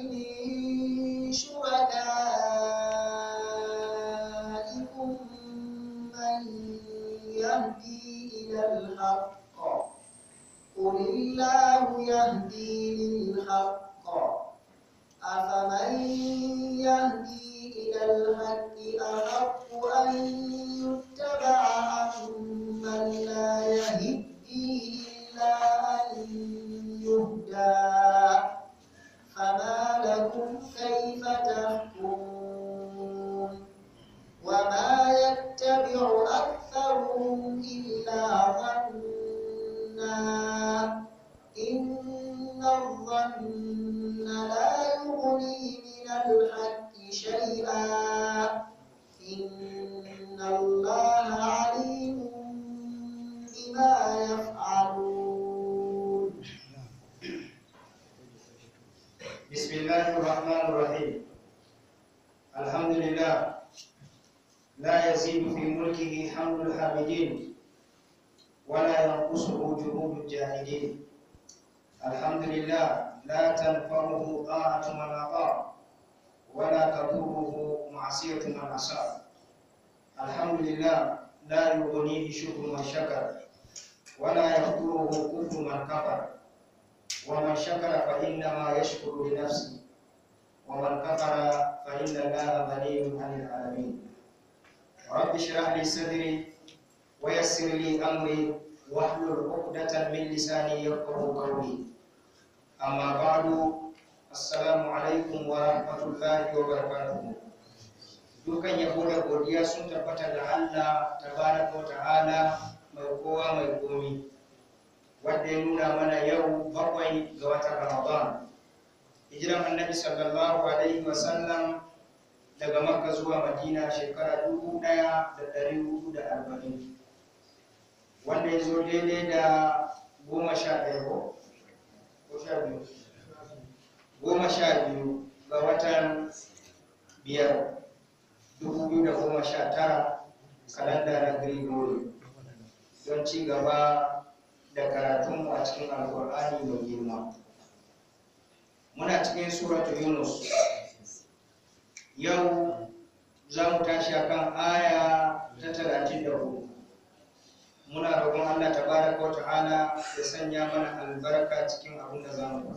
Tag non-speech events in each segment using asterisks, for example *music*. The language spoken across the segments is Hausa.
إني alaikum wa rahmatullahi wa barakatuhu dukan yabo da godiya sun tabbata da Allah tabaraka wa ta'ala mai kowa mai komi wanda ya nuna mana yau bakwai ga watan Ramadan hijiran annabi sallallahu alaihi wa sallam daga Makka zuwa Madina shekara dubu ɗaya da ɗari da wanda ya zo daidai da goma sha ɗaya ko sha biyu goma sha biyu ga watan biyar dubu biyu da goma sha tara kalanda na gregory don ci gaba da karatunmu a cikin alkur'ani mai girma muna cikin suratu yunus yau za mu tashi akan aya ta talatin da hudu muna roƙon allah bada wa ta'ala ya sanya mana albarka cikin abin da za mu ba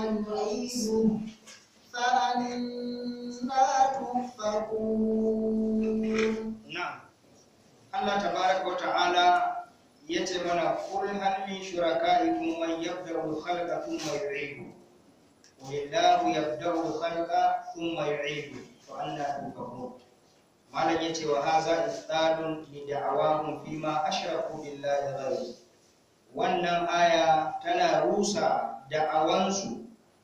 الغيب فأنا تؤفكون نعم الله تبارك وتعالى يتمنى قل هل من شركائكم من يبدأ الخلق ثم يعيده والله يبدأ الخلق ثم يعيده فأنا تؤفكون malam ya ce wa haza istadun li da'awahum fima ashraku billahi ghayr wannan aya tana rusa da'awansu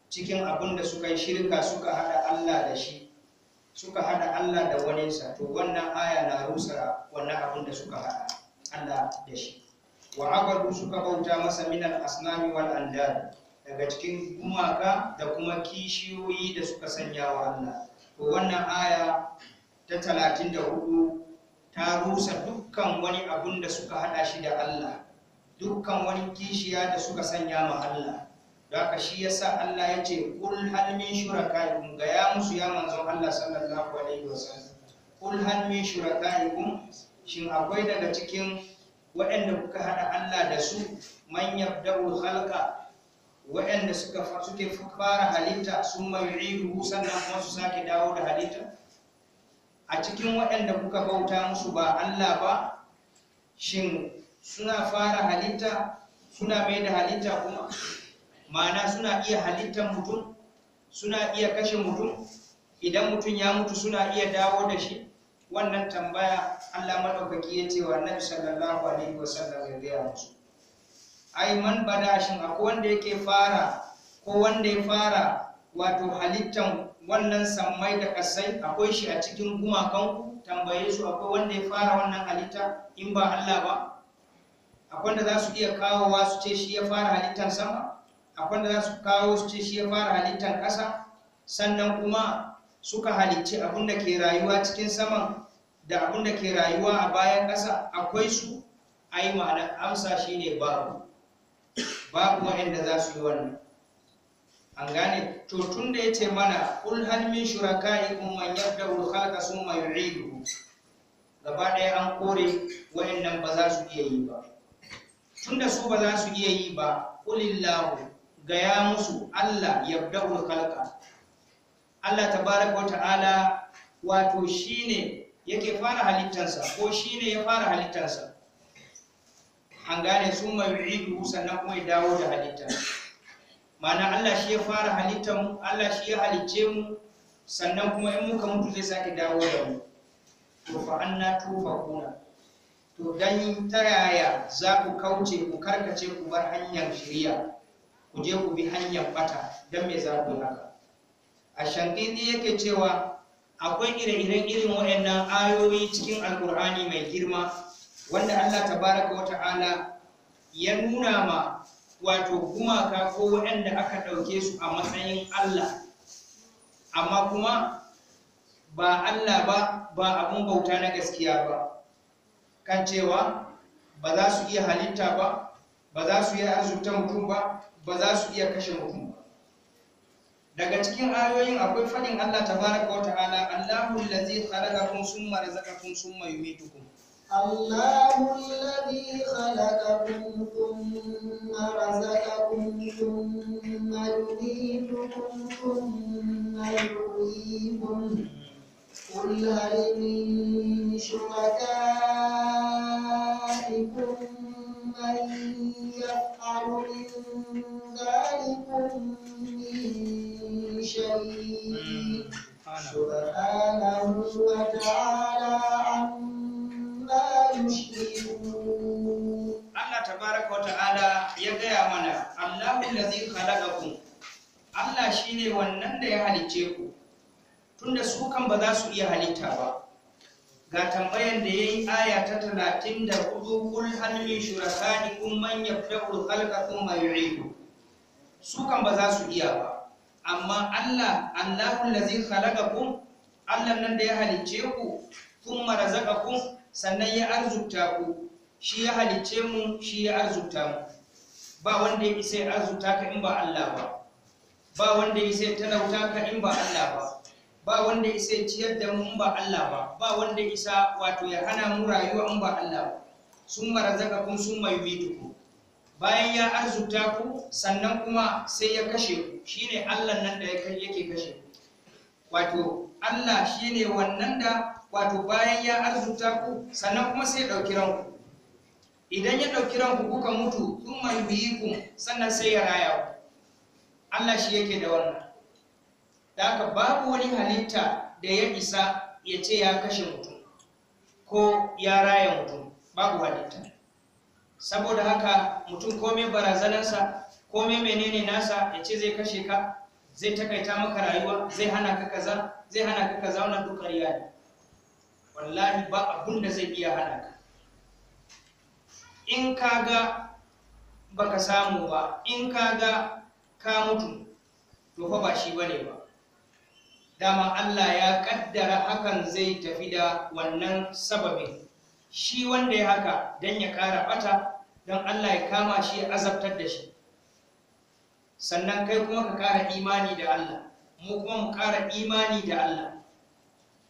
cikin abin da suka yi shirka suka hada Allah da shi suka hada Allah da waninsa to wannan aya na rusa wannan abin da suka hada Allah da shi wa abadu suka bauta masa min al-asnami wal andad daga cikin gumaka da kuma kishiyoyi da suka sanya wa Allah to wannan aya ta 34 ta rusa dukkan wani abun da suka hada shi da Allah dukkan wani kishiya da suka sanya ma Allah haka shi yasa Allah ya ce kul hal min shurakaikum ga ya musu ya manzon Allah sallallahu alaihi wasallam kul hal min shurakaikum shin akwai daga cikin waɗanda kuka hada Allah da su man yabda'u khalqa waɗanda suka suke fara halitta sun yu'iduhu sannan kuma su sake dawo da halitta a cikin waɗanda kuka bauta musu ba Allah ba shin suna fara halitta suna mai da halitta kuma ma'ana suna iya halittar mutum suna iya kashe mutum idan mutum ya mutu suna iya dawo da shi wannan tambaya Allah madaukaki ya ce wa sallallahu alaihi wasallam ya gaya musu ai man bada shin akwai wanda yake fara ko wanda ya fara wato halittan wannan sammai da kasai akwai shi a cikin gumakan tambaye su akwai wanda ya fara wannan halitta in ba Allah ba akwai wanda za su iya kawowa su ce shi ya fara halittar sama akwai da za su kawo su ce shi ya fara halittar ƙasa sannan kuma suka halicci abin ke rayuwa cikin saman da abin ke rayuwa a bayan ƙasa akwai su a yi ma'ana amsa shi ne babu babu waɗanda za su yi wannan an gane to tun da ya ce mana kul hal min shuraka'ikum man ka su mai yu'iduhu gaba ɗaya an kore waɗannan ba za su iya yi ba tunda su ba za su iya yi ba kulillahu gaya musu Allah ya da kalka Allah ta baraka ta'ala wato shine yake fara halittarsa ko shine ya fara halittarsa an gane sun mai yu'idu sannan kuma ya dawo da halittar Mana Allah shi ya fara halittar mu Allah shi ya halicce mu sannan kuma in muka mutu zai sake dawo da mu to fa anna tufakuna to dan ta yaya za ku kauce ku karkace ku bar hanyar shari'a ku je ku bi hanyar bata don me za ku haka a shankidi yake cewa akwai ire-iren irin waɗannan ayoyi cikin alkur'ani mai girma wanda allah tabaraka wa ta'ala ya nuna ma wato gumaka ko waɗanda aka ɗauke su a matsayin allah amma kuma ba allah ba ba abun bauta na gaskiya ba kan cewa ba za su iya halitta ba ba za su iya arzuta mutum ba ba za su iya kashe mutum ba daga cikin ayoyin akwai fadin Allah tabaraka wa ta'ala Allahu allazi khalaqakum summa razaqakum summa yumitukum Allahu allazi khalaqakum thumma razaqakum thumma yumitukum thumma yuhyikum قل هل من شركائكم من العالمين سبحانه وتعالى عما ya gaya mana وتعالى يدعى منا Allah shi ne wannan da ya halicce ku tunda su kan ba za su iya halitta ba ga tambayan da ya yi aya ta talatin da hudu kul halmi shurakani kun man yabda'ul khalqa thumma yu'idu su kan ba za su iya ba amma Allah Allahul ladzi khalaqakum Allah nan da ya halicce ku marazaka ku sannan ya arzuta ku shi ya halicce mu shi ya arzuta mu ba wanda ya isa ya arzuta ka in ba Allah ba ba wanda ya isa ya talauta ka in ba Allah ba ba wanda ya isa ya ciyar da mu in ba Allah ba ba wanda ya isa wato ya hana mu rayuwa in ba Allah ba sun kun sun summa yumiitukum bayan ya arzuta ku sannan kuma sai ya kashe ku shine Allah nan da yake kashe ku wato Allah shine wannan da wato bayan ya arzuta ku sannan kuma sai ya dauki ranku idan ya dauki ranku kuka mutu tun thumma yuhyikum sannan sai ya raya ku Allah shi yake da wannan da haka babu wani halitta da ya isa ya ce ya kashe mutum ko ya raya mutum babu halitta saboda haka mutum komai barazanarsa komai menene nasa ya ce zai kashe ka zai takaita maka rayuwa zai hana ka kaza zai hana ka kaza wannan duk ƙarya wallahi ba abun da zai iya hana ka in ka ga baka samu ba in ka ga ka mutu to fa ba shi bane ba dama Allah ya kaddara hakan zai tafi da wannan sababin shi wanda ya haka don ya ƙara bata, don Allah ya kama shi ya azabtar da shi sannan kai kuma ka ƙara imani da Allah mu kuma mu ƙara imani da Allah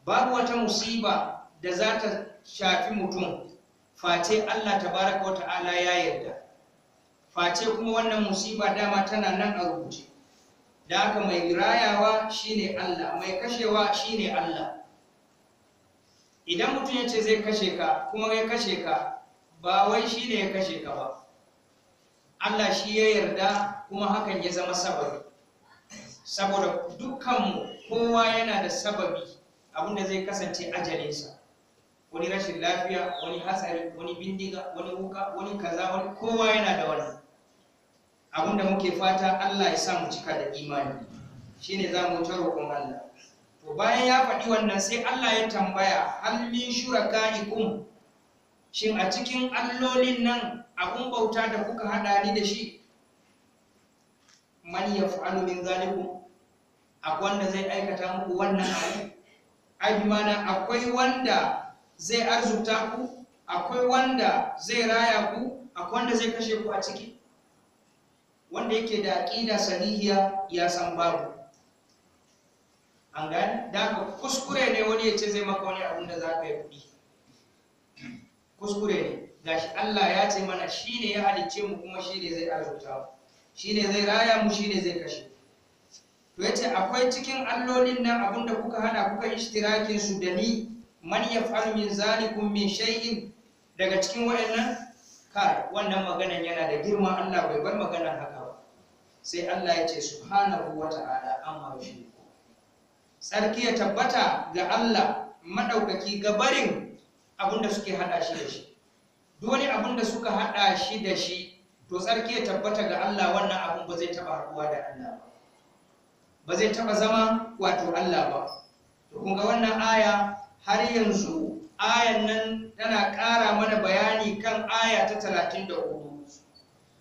babu wata musiba da za ta shafi mutum face Allah ta baraka wa ta'ala ya yarda face kuma wannan musiba dama tana nan a rubuce da haka mai rayawa shine Allah mai kashewa shine Allah idan mutum ya ce zai kashe ka kuma ya kashe ka ba wai shi ne ya kashe ka ba Allah shi ya yarda kuma hakan ya zama sababi saboda dukkanmu kowa yana da sababi abinda zai kasance ajalinsa wani rashin lafiya wani hatsari wani bindiga wani wuka wani kaza wani kowa yana da wani abinda muke fata Allah ya sa mu cika da imani shine za mu ta roƙon Allah to bayan ya faɗi wannan sai Allah ya tambaya halmin shuraka'ikum shin a cikin allolin nan abun bauta da kuka hada ni da shi man fa'alu min zalikum akwai wanda zai aikata muku wannan abu ai mana akwai wanda zai arzuta ku akwai wanda zai raya ku akwai wanda zai kashe ku a ciki wanda yake da aqida sahihiya ya san babu an gane da ka kuskure ne wani ya ce zai maka wani abin da za ka yi kuɗi kuskure ne Ga shi Allah ya ce mana shi ne ya halicce mu kuma shi ne zai arzuta mu shi ne zai raya mu shi ne zai kashe to yace akwai cikin allolin nan abin da kuka hana kuka ishtirakin su da ni man faru min zalikum min shay'in daga cikin wayannan kai wannan maganan yana da girma Allah bai bar maganan haka ba sai Allah ya ce subhanahu wata'ala amma shi Sarki ya tabbata ga Allah maɗaukaki ga barin abinda suke haɗa shi da shi Dole abinda suka haɗa shi da shi to sarki ya tabbata ga Allah wannan abin ba zai taɓa haɗuwa da Allah ba ba zai taɓa zama wato Allah ba to kun ga wannan aya har yanzu ayan nan tana ƙara mana bayani kan aya ta talatin da hudu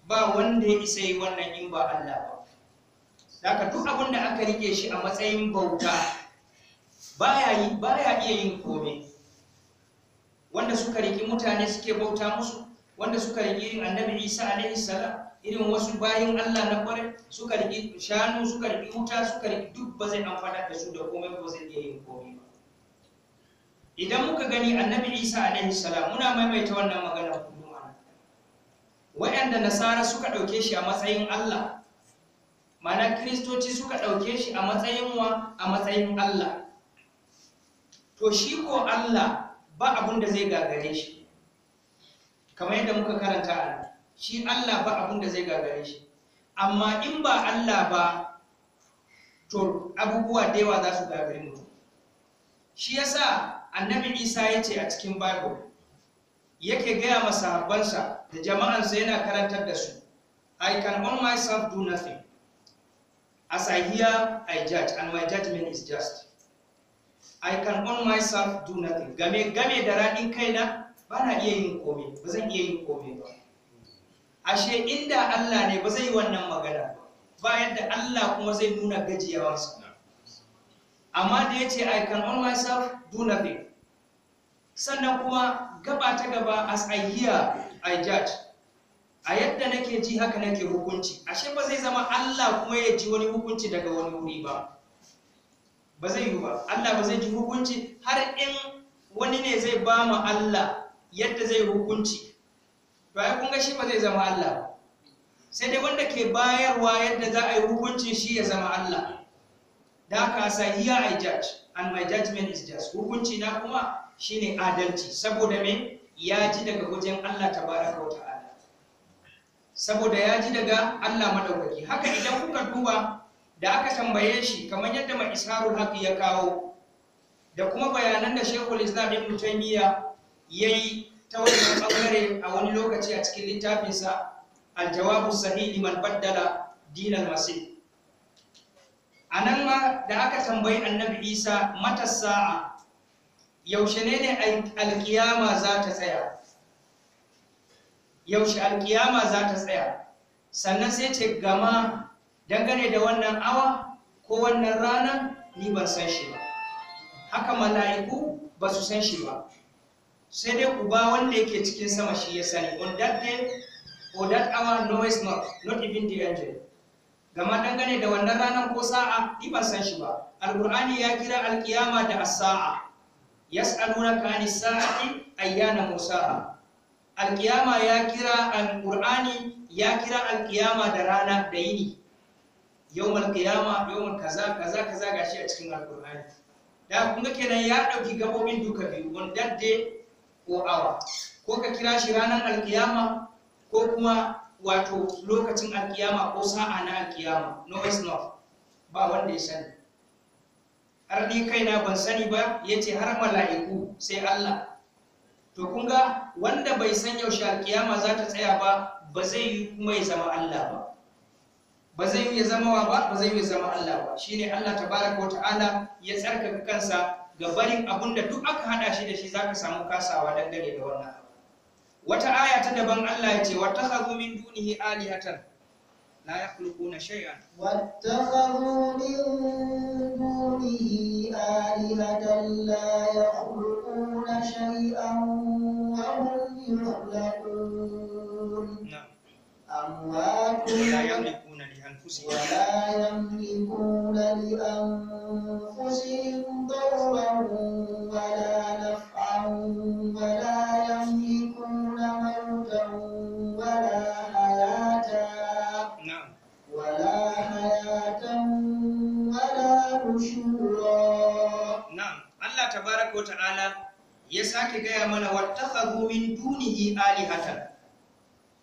ba wanda ya isa yi wannan in ba Allah ba Daga duk abin da aka rike shi a matsayin bauta baya baya iya yin komai. Wanda suka riki mutane suke bauta musu, wanda suka riki annabi Isa alaihi salam irin wasu bayin Allah na kware suka riki shanu suka riki wuta suka riki duk ba zai amfana da su da komai ba zai iya yin komai ba. Idan muka gani annabi Isa alaihi salam muna maimaita wannan magana kullum a Waɗanda nasara suka ɗauke shi a matsayin Allah mana kristoci suka ɗauke shi a matsayin wa a matsayin Allah to shi ko Allah ba abun da zai gagare shi kamar yadda muka karanta shi Allah ba abun da zai gagare shi amma in ba Allah ba to abubuwa da yawa za su gagare mutum shi yasa annabi Isa ya ce a cikin Bible yake gaya masahabbansa da jama'ansa yana karantar da su I can on myself do nothing As I hear, I judge, and my judgment is just. I can on myself do nothing. Game game da raɗin kaina ba na iya yin komai, ba zan iya yin komai ba. Ashe inda Allah ne ba zai wannan magana ba, yadda Allah kuma zai nuna gajiyawarsa. Amma da ya ce I can on myself do nothing. Sannan kuma gaba ta gaba as I hear, I judge. a yadda nake ji haka nake hukunci ashe ba zai zama Allah kuma ya ji wani hukunci daga wani wuri ba ba zai yi ba Allah ba zai ji hukunci har in wani ne zai ba mu Allah yadda zai hukunci to ai kun ga shi ba zai zama Allah sai dai wanda ke bayarwa yadda za a yi hukuncin shi ya zama Allah da ka sa here I judge and my judgment is just hukunci na kuma shine adalci saboda me ya ji daga wajen Allah tabaraka wa ta'ala saboda ya ji daga Allah madaukaki haka idan kuka duba da aka tambaye shi kamar yadda mai isharul haqi ya kawo da kuma bayanan da Sheikhul Islam Ibn Taymiyyah yayi ta wannan bangare a wani lokaci a cikin littafinsa Al-Jawabu Sahih liman baddala al masih anan ma da aka tambayi Annabi Isa mata sa'a yaushe ne ne alkiyama za ta tsaya yaushe alkiyama za ta tsaya sannan sai ce gama dangane da wannan awa ko wannan rana ni ban san shi ba haka mala'iku ba su san shi ba sai dai uba wanda yake cikin sama shi ya sani on that day or that hour is not not even the angel gama dangane da wannan ranar ko sa'a ni ban san shi ba alqur'ani ya kira alkiyama da as-sa'a yas'alunaka anis-sa'ati ayyana musa'a alkiyama ya kira Alƙur'ani ya kira alkiyama da rana da yini yau malkiyama yau kaza kaza kaza gashi a cikin Alƙur'ani. da kuma kenan ya ɗauki gabobin duka biyu on ko awa, ko ka kira shi ranar alkiyama ko kuma wato lokacin alkiyama ko sa'a na alkiyama no is not ba wanda ya sani har ni kaina ban sani ba yace har mala'iku sai Allah to kun wanda bai san yaushe alkiyama za ta tsaya ba ba zai yi kuma ya zama Allah ba ba zai yi zama wa ba ba zai yi zama Allah ba shine Allah tabaraka wa ta'ala ya tsarkaka kansa ga barin abun da duk aka hada shi da shi zaka samu kasawa dangane da wannan wata aya ta daban Allah ya ce wa takhadhu min dunihi alihatan لا يخلقون شيئا واتخذوا من دونه آلهة لا يخلقون شيئا وهم يخلقون نعم أموات لا يملكون لأنفسهم ولا يملكون لأنفسهم ضرا ولا نفعا ولا يملكون allah tabaraka الله تبارك ya sake gaya mana واتخذوا من دونه آلهة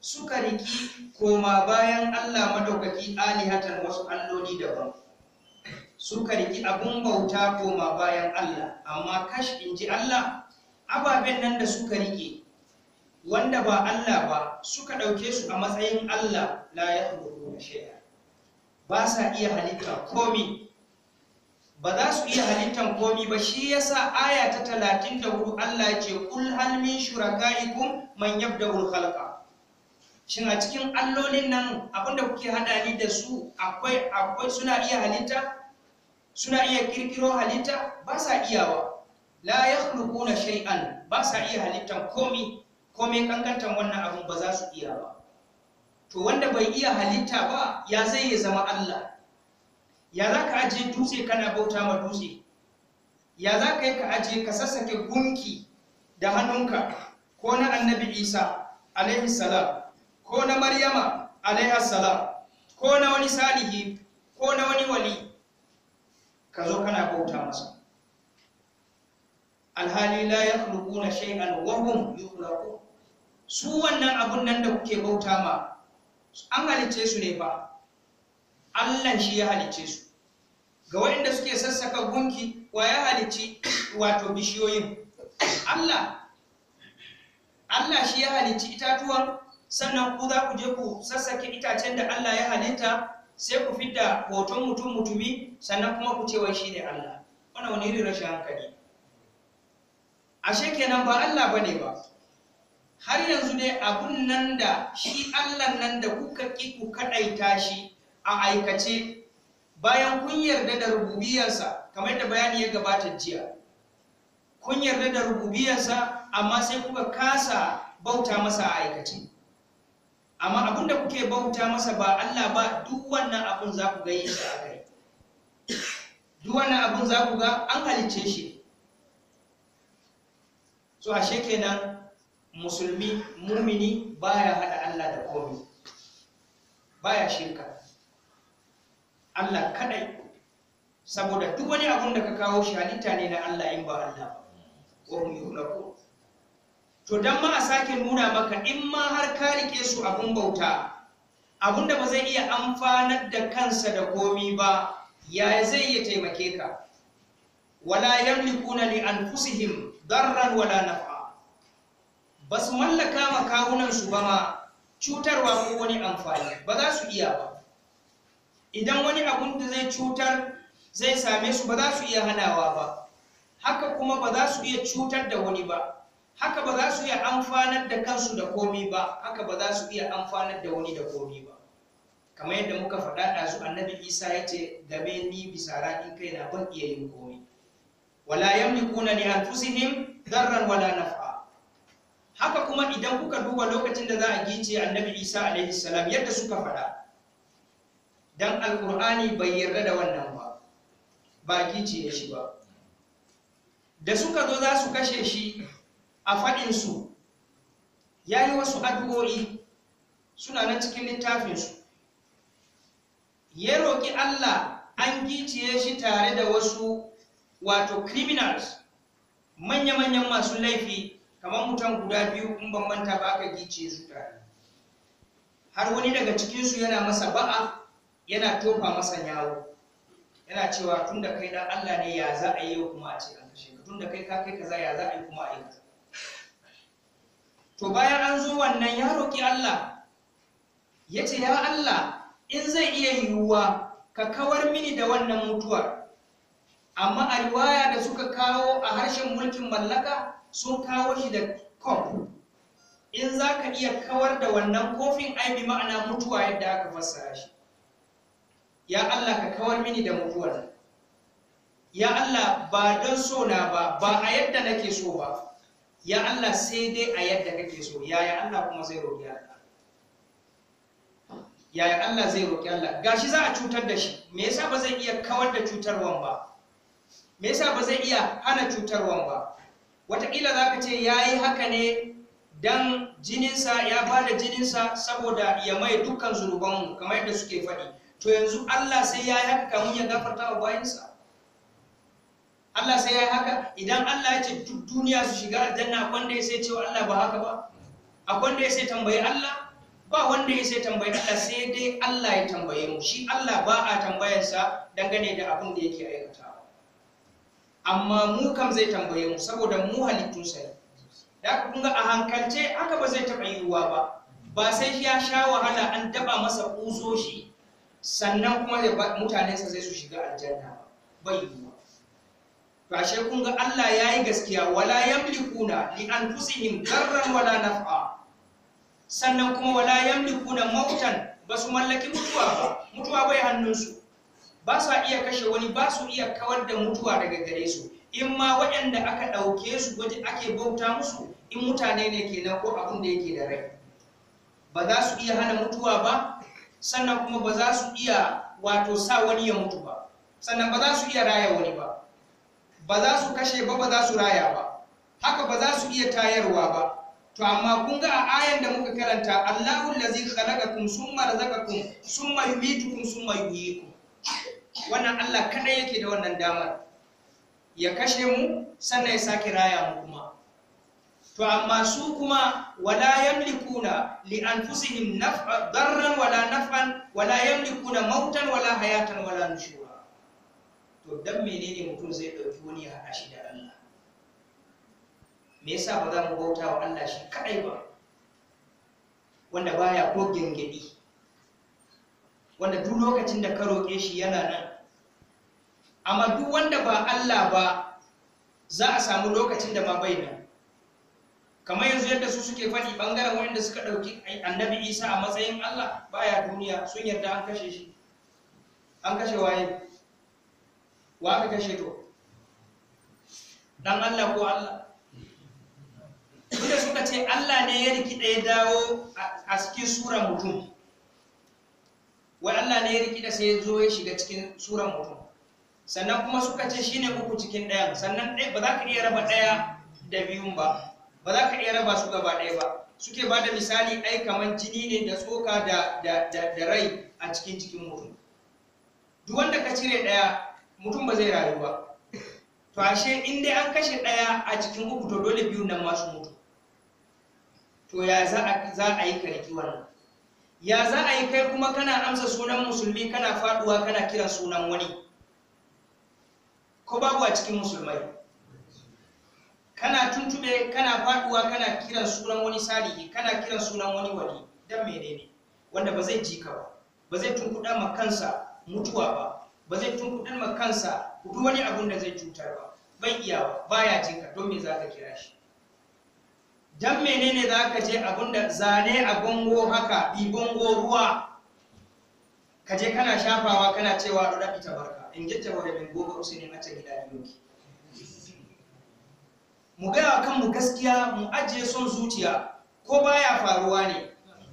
suka riki koma bayan Allah madaukaki alihatan wasu alloli daban suka riki abun bauta koma bayan Allah amma kash in ji Allah ababen nan da suka rike wanda ba Allah ba suka ɗauke su a matsayin Allah la ya shay'a ba sa iya halitta komi ba za su iya halittan komi ba shi yasa aya ta talatin da hudu Allah ya ce kul hal min shurakaikum man yabda'ul khalqa shin a cikin allolin nan da kuke hada ni da su akwai akwai suna iya halitta suna iya kirkiro halitta ba sa iyawa la yakhluquna shay'an ba sa iya halittan komi komai kankantan wannan abin ba za su iya ba to wanda bai iya halitta ba ya zai ya zama Allah ya za ka ajiye dutse kana bauta ma dutse ya za ka yi ka ajiye ka sassake gunki da hannunka ko na annabi isa alaihi salam ko na maryama alaihi salam ko na wani salihi ko na wani wali ka zo kana bauta masa alhali la yakhluquna shay'an wa hum yukhlaqun su wannan abun nan da kuke bauta ma an halice su ne ba Allah shi ya halice su ga waɗanda suke sassaka gunki wa ya halicci wato bishiyoyin Allah Allah shi ya halicci itatuwan sannan ku za ku je ku sassake itacen da Allah ya halitta sai ku fidda hoton mutum mutumi sannan kuma ku ce wai ne Allah wannan wani irin rashin hankali ashe kenan ba Allah bane ba har yanzu dai abun nan da shi Allah nan da kuka ki ku kadaita shi a aikace bayan kun yarda da rububiyarsa kamar yadda bayani ya gabata jiya kun yarda da rububiyarsa amma sai kuka kasa bauta masa a aikace amma abin da kuke bauta masa ba Allah ba duk wannan abin za ku ga shi a kai duk wannan abin za ku ga an halicce shi so ashe kenan musulmi mumini baya hada Allah da komai baya shirka Allah kadai saboda duk wani abun da ka kawo shi halitta ne na Allah in ba Allah ba wa hum to dan ma a sake nuna maka in ma har ka rike su abun bauta abun da ba zai iya amfanar da kansa da komi ba ya zai iya taimake ka wala yamlikuna li anfusihim darran wala naf'a basu mallaka ma kawunan su ba ma cutarwa ko wani amfani ba za su iya ba idan wani abun da zai cutar zai same su ba za su iya hanawa ba haka kuma ba za su iya cutar da wani ba haka ba za su iya amfanar da kansu da komi ba haka ba za su iya amfanar da wani da komi ba kamar yadda muka faɗa ɗazu annabi isa ya ce game ni bisa raɗin kai na ban iya yin komi wala na li anfusihim darran wala naf'a haka kuma idan kuka duba lokacin da za a gice annabi isa alaihi yadda suka faɗa dan alkur'ani bai yarda da wannan ba ba gici ya shi ba da suka zo za su kashe shi a faɗinsu ya yi wasu addu'o'i suna na cikin littafinsu ya roƙi allah an giciye shi tare da wasu wato criminals manya-manyan masu laifi kamar mutum guda biyu in ban manta ba aka giciye su tare har wani daga cikinsu yana masa ba'a yana tofa masa yawo yana cewa tun da kai dan Allah ne ya za a yi kuma a ce an kashe ka tun da kai ka kai kaza ya za a yi kuma a yi kaza to bayan an zo wannan ya roki Allah ya ce ya Allah in zai iya yiwuwa ka kawar mini da wannan mutuwa amma a riwaya da suka kawo a harshen mulkin mallaka sun kawo shi da kof in za ka iya kawar da wannan kofin ai ma'ana mutuwa yadda aka fassara shi ya Allah ka kawar mini da mutuwar ya Allah ba don so na ba ba a yadda nake so ba ya Allah sai dai a yadda kake so ya ya Allah kuma zai roƙi Allah ya Allah zai roƙi Allah gashi za a cutar da shi me yasa ba zai iya kawar da cutarwan ba me yasa ba zai iya hana cutarwan ba wataƙila za ka ce ya yi haka ne dan jininsa ya ba da jininsa saboda ya mai dukkan zunubanmu kamar yadda suke faɗi to yanzu Allah sai ya yi haka kamun ya gafarta wa bayansa Allah sai ya yi haka idan Allah ya ce duk duniya su shiga aljanna akwai wanda ya sai cewa Allah ba haka ba akwai wanda ya sai tambayi Allah ba wanda ya sai tambayi Allah sai dai Allah ya tambaye mu shi Allah ba a tambayarsa dangane da abin da yake aikatawa amma mu kam zai tambaye mu saboda mu halittun sai da aka kunga a hankalce aka ba zai taɓa yiwuwa ba ba sai ya sha wahala an taɓa masa ƙusoshi sannan kuma mutanensa zai su shiga aljanna bai yiwuwa to ashe kun ga Allah ya yi gaskiya wala yamlikuna li anfusihim darran wala naf'a sannan kuma wala yamlikuna mautan ba su mallaki mutuwa ba mutuwa bai hannunsu ba sa iya kashe wani ba su iya kawar da mutuwa daga gare su in ma waɗanda aka ɗauke su waje ake bauta musu in mutane ne kenan ko abin da yake da rai ba za su iya hana mutuwa ba sannan kuma ba za su iya wato sa wani ya mutu ba sannan ba za su iya raya wani ba ba za su kashe ba ba za su raya ba haka ba za su iya tayarwa ba to amma kun ga a ayan da muka karanta Allahu allazi khalaqakum summa razaqakum summa yumitukum summa yuhyikum wannan Allah kada yake da wannan damar ya kashe mu sannan ya sake raya mu to amma su kuma wala yamlikuna li anfusihim nafa, darran wala naf'an wala yamlikuna mautan wala hayatan wala nushura to dan menene mutum zai dauki wani ya hada shi da Allah me yasa ba za mu bauta wa Allah shi kadai ba wanda baya ko gengedi wanda duk lokacin da ka roƙe shi yana nan amma duk wanda ba Allah ba za a samu lokacin da ma bai nan kamar yanzu yadda su suke faɗi ɓangaren wanda suka ɗauki annabi isa a matsayin allah baya duniya sun yarda an kashe shi an kashe waye wa aka kashe to dan allah ko allah tunda suka ce allah ne ya rikida ya dawo a cikin sura mutum wai allah ne ya rikida sai ya zo ya shiga cikin sura mutum sannan kuma suka ce shine uku cikin ɗayan sannan ba za ka iya raba ɗaya da biyun ba ba za ka iya raba su gaba ɗaya ba suke ba da misali ai kamar jini ne da tsoka da, da, da, da rai a cikin jikin mutum duk wanda ka cire ɗaya mutum ba zai rayu ba to ashe in dai an kashe ɗaya a cikin uku to dole biyun nan masu mutu to ya za a yi karki wannan ya za a yi kai kuma kana amsa sunan musulmi kana faduwa kana kiran sunan wani ko babu a cikin musulmai kana tuntube kana faduwa kana kiran sunan wani salihi kana kiran sunan wani wali dan menene wanda ba zai ji ka ba ba zai tunkuɗa ma kansa mutuwa ba ba zai tunkuɗa ma kansa duk wani abun da zai cutar ba bai iya baya jika don me za ka kira shi dan menene za ka je abunda da zane a gongo haka bi gongo ruwa ka je kana shafawa kana cewa da ita barka in gitta wa da min gobe usaini mata gida yanki mu gaya wa kanmu gaskiya mu ajiye son zuciya ko baya faruwa ne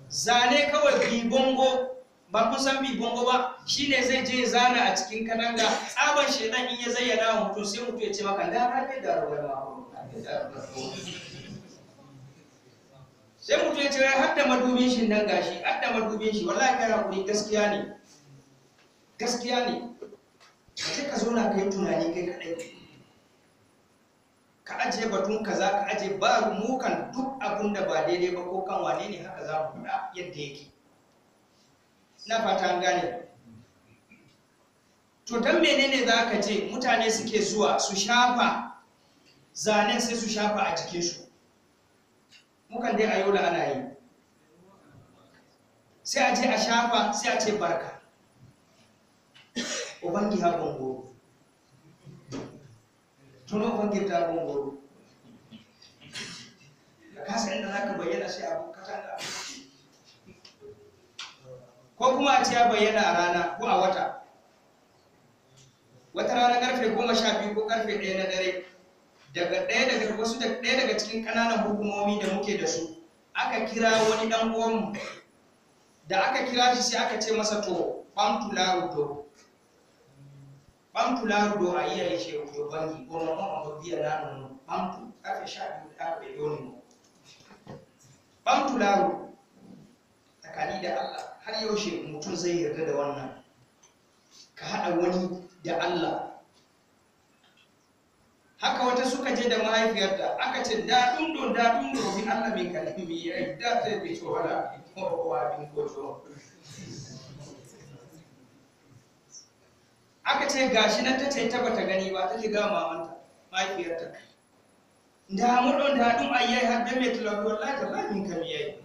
zane kawai bi bango ba kun san bibongo bongo ba shine zai je zana a cikin kananga tsaban shedan in ya zayyana wa mutum sai mutum ya ce maka da ne da sai mutum ya ce har da madubin shi nan gashi har da madubin shi wallahi kai hakuri gaskiya ne gaskiya ne ka tunani ka zo na kai tunani kai kadai ka ajiye batun kaza ka ajiye ba mukan duk abun da ba daidai ba ko kan wane ne haka za mu faɗa yadda yake na fata an gane to dan menene za ka je mutane suke zuwa su shafa zanen sai su shafa a jikinsu mukan dai a yau da ana yi sai a je a shafa sai a ce barka ubangi ha bango tuno bangirta ta goro ka kasa inda za ka bayyana sai abin kasa da ko kuma a ce ya bayyana a rana ko a wata wata rana karfe goma sha biyu ko karfe ɗaya na dare daga ɗaya daga wasu da ɗaya daga cikin ƙananan hukumomi da muke da su aka kira wani ɗan uwanmu da aka kira shi sai aka ce masa to ɓamtu laro to ɓamtu do a yi'ay shehu to bangi kono on oɗo mbiya nano no ɓamtu kafe sha ɗiɗi ɗaɗo ɓe yoni mo ɓamtu laaru tsakani da allah har yaushe mutum zai yarda da wannan ka haɗa wani da allah haka wata suka je da mahaifiyarta aka ce da ɗum ɗo da ɗum bi allah min kalimi yayi da zai yi, to wala ko wa bin ko to aka ce gashi nan ta ce ta bata gani ba ta ga mamanta mahaifiyarta da mudon da dum ayyai da mai tulabi wallahi ta bani kan yayi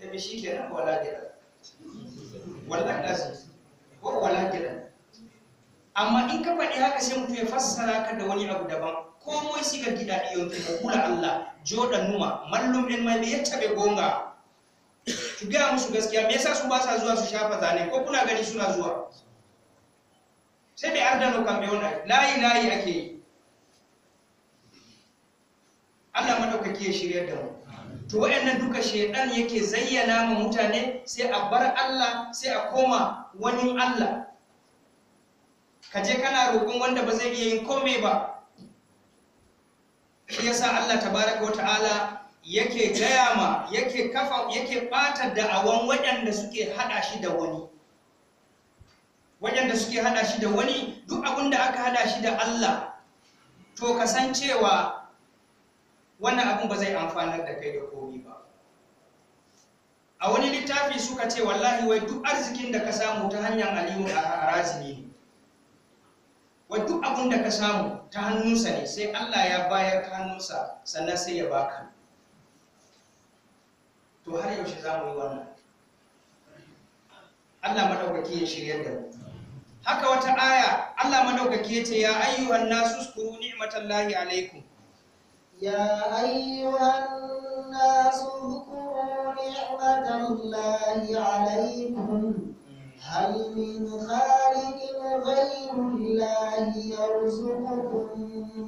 da bi nan wala dira wallahi lazi ko wala dira amma in ka fadi haka sai mutum ya fassara ka da wani abu daban komai shiga gida iyo ta kula Allah joda numa mallum din mai ya tabe gonga ki ga musu gaskiya me yasa su ba sa zuwa su shafa zane ko kuna gani suna zuwa sai ɓe ardano kamɓe on laayi laayi ake yi allah maɗaukaki ya shirya da mu to wayannan duka shaidan yake zayyana ma mutane sai a bar allah sai a koma wani allah ka je kana roƙon wanda ba zai iya yin komai ba shi yasa allah tabaraka wa ta'ala yake gaya ma yake kafa yake ɓata da'awan waɗanda suke haɗa shi da wani Wajen da suke hada shi da wani duk abin da aka hada shi da Allah to kasancewa wannan abin ba zai amfanar da kai da komi ba a wani littafi suka ce wallahi wai duk arzikin da ka samu ta hanyar aliyu a harazini ne wai duk abin da ka samu ta hannunsa ne sai Allah ya bayar ta hannunsa sannan sai ya baka to har yaushe za mu yi wannan Allah maɗaukaki ya shiryar da mu haka wata aya Allah madaukaki yace ya ayyuhan nasu uskuru ni'matallahi alaikum ya ayyuhan nasu uskuru ni'matallahi alaikum هل من خالق غير الله يرزقكم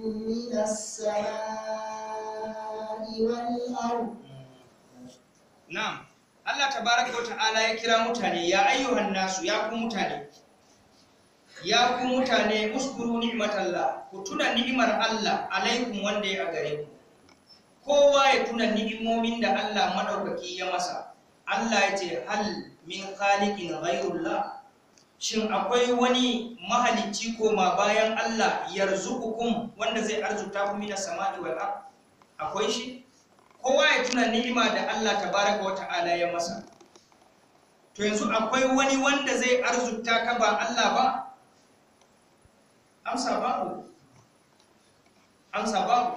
من السماء والأرض نعم Allah tabaraka wa ta'ala ya kira mutane ya ayyuhan nasu ya ku mutane ya ku mutane uskuru matalla. ku tuna ni'imar Allah alaikum wanda ya gare ku kowa ya tuna ni'imomin da Allah madaukaki ya masa Allah ya ce hal min khaliqin ghayrullah shin akwai wani mahalicci ko ma bayan Allah yarzuqukum wanda zai arzuta ku mina sama'i wal ard akwai shi kowa ya tuna ni'ima da Allah tabaraka wa ta'ala ya masa to yanzu akwai wani wanda zai arzuta ka ba Allah ba amsa babu amsa babu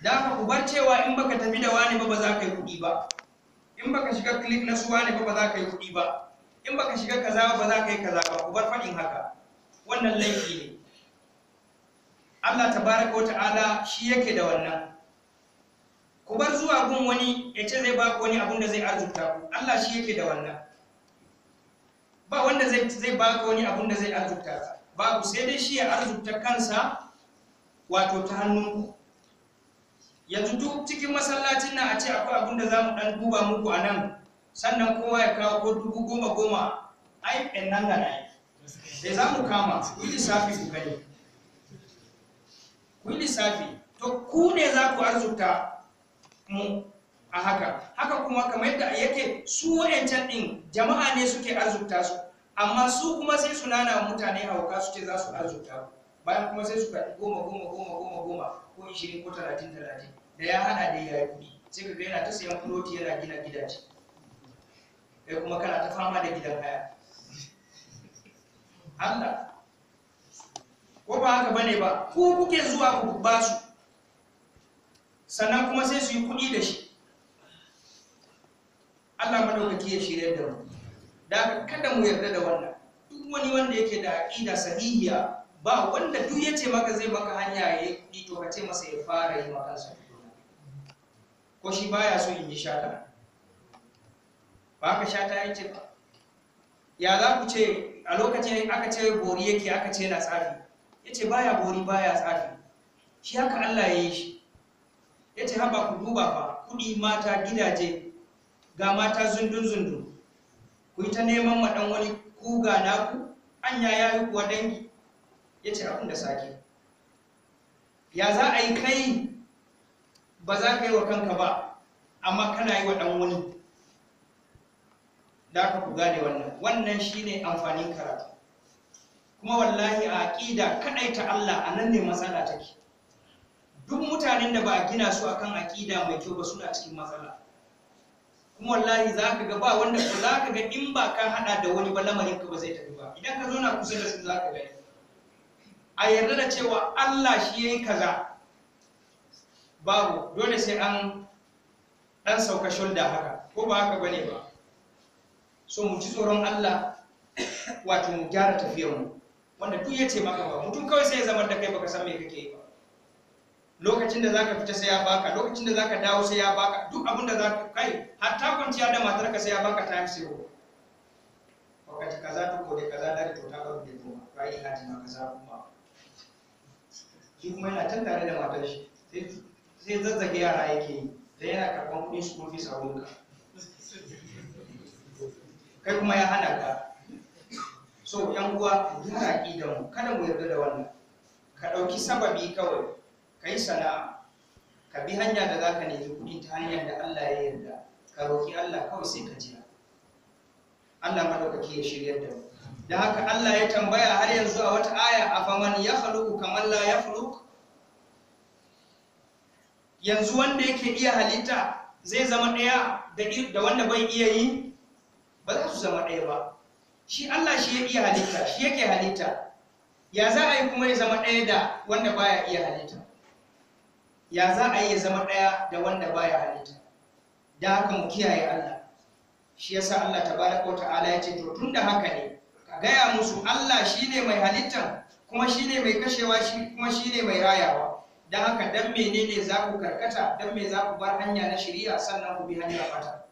da ka ubar cewa in baka tafi da wani ba ba za ka yi kuɗi ba in baka shiga click na su wani ba ba za ka yi kuɗi ba in baka shiga kaza ba za ka yi kaza ba ubar faɗin haka wannan laifi ne Allah tabaraka wa ta'ala shi yake da wannan ku bar zuwa gun wani ya ce zai baku wani abun da zai arzuta ku Allah shi yake da wannan ba wanda zai zai baka wani abun da zai arzuta ka babu sai dai shi ya arzuta kansa wato ta hannunku yanzu duk cikin masallacin nan a ce akwai abin da za mu ɗan duba muku a nan sannan kowa ya kawo ko dubu goma goma ai ɗan nan da sai za mu kama ku yi lissafi ku gani ku yi lissafi to ku ne za ku arzuta mu a haka haka kuma kamar yadda yake su wa'ancan ɗin jama'a ne suke arzuta su amma su kuma sai su nana mutane hauka su ce za su arzuta bayan kuma sai su karɓi goma goma goma goma goma ko ishirin ko talatin talatin da ya hana da ya kuɗi sai ka yana ta sayan fuloti yana gina gidaje kai kuma kana ta fama da gidan haya Allah ko ba haka bane ba ko kuke zuwa ku ba su sannan kuma sai su yi kuɗi da shi Allah madaukaki ya shirya da mu da kada mu yarda da wannan duk wani wanda yake da aqida sahihiya ba wanda duk yace maka zai maka hanya ya yi to ka ce masa ya fara yi maka sa ko shi baya so in yi shata ba ka shata yace ba ya za ku ce a lokacin aka ce bori yake aka ce na tsafi yace baya bori baya tsafi shi haka Allah ya yi shi yace haba ku duba fa kuɗi mata gidaje ga mata zundun zundun ku yi ta neman ma dan wani kuga naku anya ya yi kuwa dangi ya ce abin da sake ya za a yi kai ba za ka yi wa kanka ba amma kana yi wa dan wani da aka ku gane wannan wannan shine amfanin karatu kuma wallahi a aƙida ta Allah a nan ne matsala take duk mutanen da ba a gina su akan aƙida mai kyau ba suna cikin matsala kuma wallahi za ka ga ba wanda za ka ga in ba ka hada da wani ba lamarin ka ba zai tafi ba idan ka zauna kusa da su za ka gani a yarda da cewa Allah shi ya yi kaza babu dole sai an ɗan sauka shulda haka ko ba haka bane ba so mu ci tsoron Allah wato mu gyara tafiyarmu, mu wanda duk ya ce maka ba mutum kawai sai ya zama da kai baka san me kake yi ba lokacin da zaka fita sai ya baka lokacin da zaka dawo sai ya baka duk abin da zaka kai hatta kwanciya da matarka sai ya baka ta yi sayo wakati kaza ta kode kaza da to ta babu dito rai haji ma kaza kuma shi kuma yana tan tare da matar shi sai sai zazzage yara yake yi da yana karban kuɗin su fees a kai kuma ya hana ka so yan uwa gyara mu kada mu yarda da wannan ka ɗauki sababi kawai kai sana'a ka bi hanya da za ka nemi kuɗi ta hanyar da Allah ya yarda ka roƙi Allah kawai sai ka jira Allah madaukaki ya shiryar da mu da haka Allah ya tambaya har yanzu a wata aya a faman ya faluku kamar la ya faluku yanzu wanda yake iya halitta zai zama ɗaya da wanda bai iya yi ba za su zama ɗaya ba shi Allah shi ya iya halitta shi yake halitta ya za a yi kuma ya zama ɗaya da wanda baya iya halitta ya za a yi zama ɗaya da wanda baya halitta da haka mu kiyaye Allah shi yasa Allah tabaraka ta'ala ya ce to tunda haka ne ka gaya musu Allah shine mai halitta kuma shine mai kashewa shi kuma shine mai rayawa dan haka dan menene za ku karkata dan me za ku bar hanya na shari'a sannan ku bi hanya fata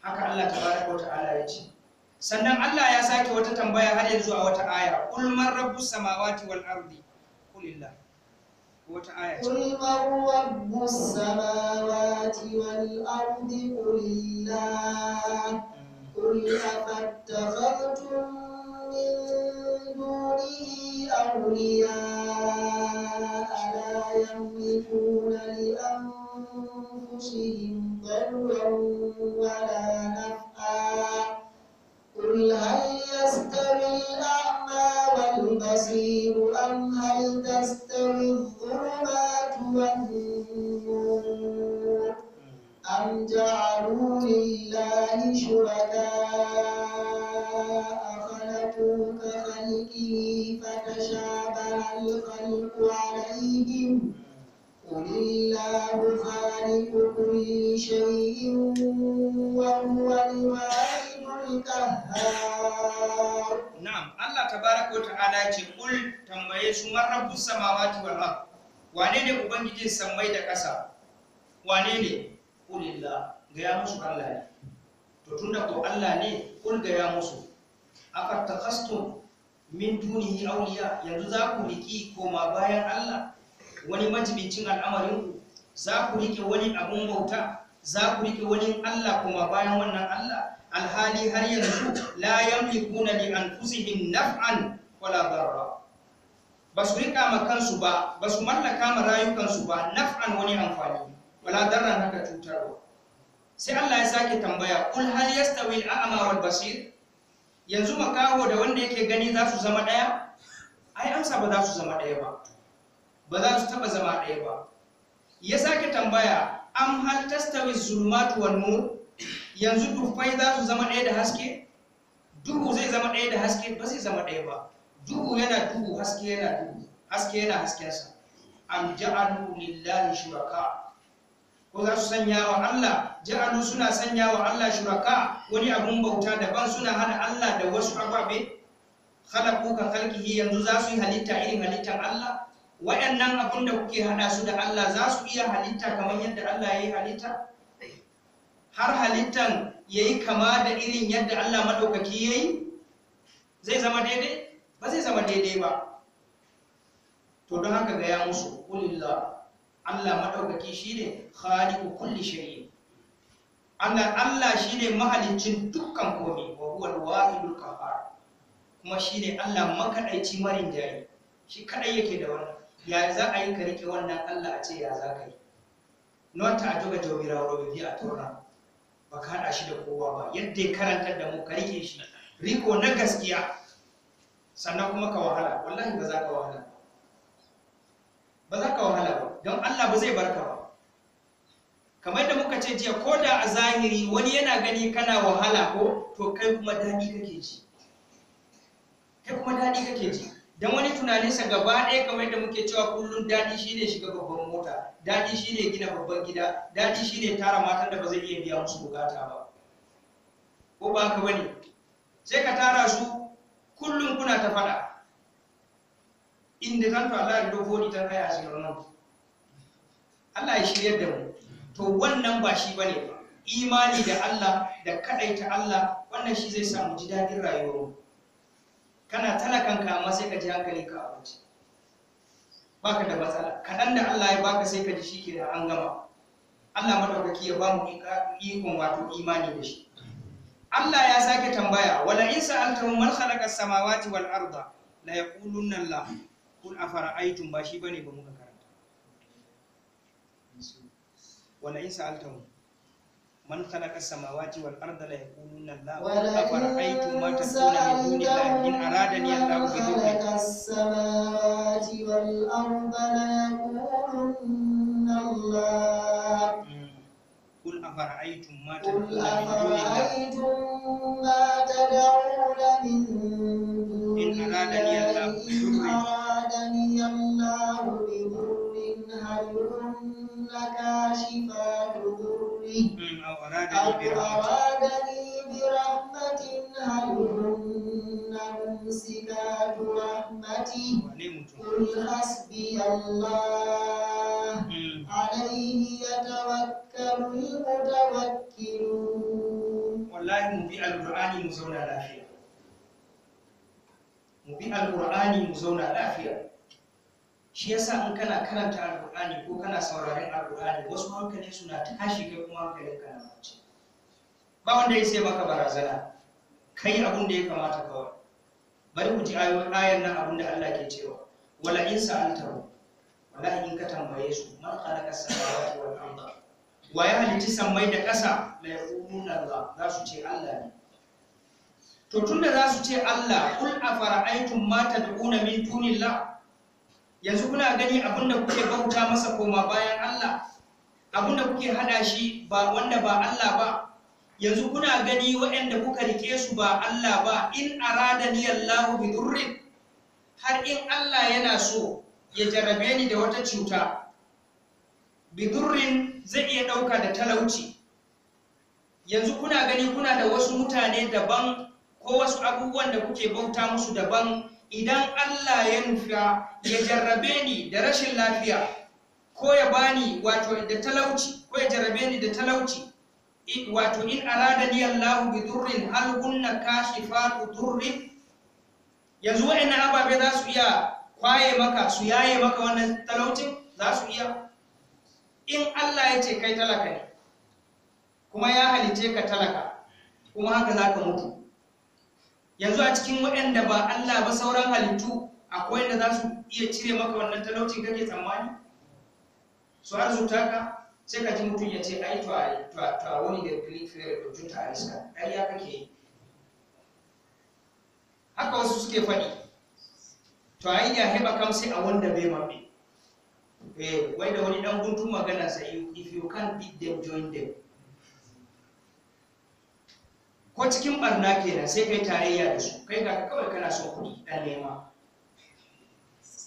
haka Allah tabaraka ta'ala ya ce sannan Allah ya sake wata tambaya har yanzu a wata aya ulmar rabbus samawati wal ardi kulillah آية. قل من رب السماوات والأرض قل الله قل أفاتخذتم من دونه أولياء لا يملكون لأنفسهم ضرا ولا نفعا قل هل يستوي الأعمى والبصير أم هل تستوي الظلمات والنور ta'ala ce kul tambaye su man rabbus samawati wal ard wane ne ubangijin sammai da ƙasa wane ne kulillah gaya musu Allah ne to tunda ko Allah ne kul gaya musu afattakhastum min dunihi awliya yanzu za ku riki koma bayan Allah wani majibicin al'amarin ku za ku rike wani abun bauta za ku rike wani Allah koma bayan wannan Allah alhali har yanzu la yamlikuna li anfusihim naf'an wala darra ba su rika ma kansu ba ba su mallaka ma rayukansu ba naf'an wani amfani wala darra haka cutarwa sai Allah ya sake tambaya kul hal yastawi al-a'ma wal basir yanzu makaho da wanda yake gani za su zama daya ai amsa ba za su zama daya ba ba za su taba zama daya ba ya sake tambaya am hal tastawi zulmatu wan nur yanzu dufai za su zama daya da haske duhu zai zama daya da haske ba zai zama daya ba duhu yana duhu haske yana duhu haske yana haskensa an ja'alu lillahi shuraka ko za su sanya wa Allah ja'alu suna sanya wa Allah shuraka wani abun bauta daban suna hada Allah da wasu ababe khalaqu ka khalqihi yanzu za su yi halitta irin halittar Allah waɗannan abun da kuke hada su da Allah za su iya halitta kamar yadda Allah ya yi halitta har halittan ya yi kama da irin yadda Allah maɗaukaki ya zai zama daidai ba zai zama daidai ba to don haka gaya musu kulillah Allah maɗaukaki shi ne khaliku kulli shay'in Allah Allah shi ne mahaliccin dukkan komai wa huwa al-wahidul qahhar kuma shi ne Allah makadaici marin jari shi kaɗai yake da wannan ya za a yi ka rike wannan Allah a ce ya za ka yi nota a tuga jawira wa bibi a turna ba hada shi da kowa ba yadda ya karanta da mu ka rike shi riko na gaskiya sannan kuma ka wahala wallahi ba za ka wahala ba za ka wahala ba don Allah ba zai barka ba kamar da muka ce jiya ko da a zahiri wani yana gani kana wahala ko to kai kuma daɗi kake ji kai kuma daɗi kake ji don wani tunaninsa gaba ɗaya kamar da muke cewa kullum daɗi shine shiga babban mota daɗi shine gina babban gida daɗi shine tara matan da ba zai iya biya musu bukata ba ko ba haka bane sai ka tara su kullum kuna ta faɗa inda kanto Allah ya dogo ni tan kaya asirin nan Allah ya shiryar da mu to wannan ba shi bane ba imani da Allah da kadaita Allah wannan shi zai samu ji dadin rayuwar mu kana talakan ka amma sai ka ji hankali ka abuci baka da matsala kaɗan da Allah ya baka sai ka ji shi ke da an gama Allah madaukaki ya ba mu ikon wato imani da shi Allah ya sake tambaya wala in sa'altahum man khalaqa as-samawati wal arda la yaqulunna Allah kul afara'aytum ba shi bane ba muka karanta wala in sa'altahum man khalaqa as-samawati wal arda la yaqulunna Allah wala afara'aytum ma tad'una min duni Allah in aradani Allah bi dhurrin as-samawati wal arda la yaqulunna Allah أفرأيتم ما تدعون من دون إن أرادني الله بضر هل هن كاشفات ضره أو أرادني برحمة هل هن ممسكات رحمتي قل حسبي الله عليه يتوكل المتوكلون والله mu bi alqur'ani mu zauna lafiya mu bi alqur'ani mu zauna lafiya shi yasa in kana karanta alqur'ani ko kana sauraren alqur'ani wasu hankali suna tashi kai kuma hankalin kana mace ba wanda ya sai maka barazana kai abin da ya kamata kawai bari mu ji ayoyin nan abin da Allah ke cewa wala in sa'altahu wallahi in ka tambaye su man khalaqa samawati wal arda wa ya halitti sammai da ƙasa la yaquluna ruwa za su ce Allah ne to tunda za su ce Allah kul afara'aytum ma tad'una min dunillah yanzu kuna gani abinda kuke bauta masa koma bayan Allah abinda kuke hada shi ba wanda ba Allah ba yanzu kuna gani waɗanda kuka rike su ba Allah ba in ni Allahu bi durrin har in Allah yana so ya jarabe ni da wata cuta bidurrin zai iya ɗauka da talauci yanzu kuna gani kuna da wasu mutane daban ko wasu abubuwan da kuke bauta musu daban idan Allah ya nufa ya jarrabe ni da rashin lafiya ko ya bani wato da talauci ko ya jarrabe ni da talauci wato in arada ni Allah bidurrin hal kunna kashifatu durri yanzu wa'annan ababe za su iya kwaye maka su yaye maka wannan talaucin za su iya in Allah ya ce kai talaka ne kuma ya halice ka talaka kuma haka za ka mutu yanzu a cikin waɗanda ba Allah ba sauran halittu akwai wanda za su iya cire maka wannan talaucin kake tsammani su zuta ka sai ka ji mutum ya ce ai to a wani da click fere da juta a riska ai ya kake yi haka wasu suke faɗi to a yi ya heba kam sai a wanda bai mamme eh wai da wani dan guntun magana sai if you can't beat them join them ko cikin barna kenan sai kai tarayya da su kai ga kawai kana son kuɗi dan nema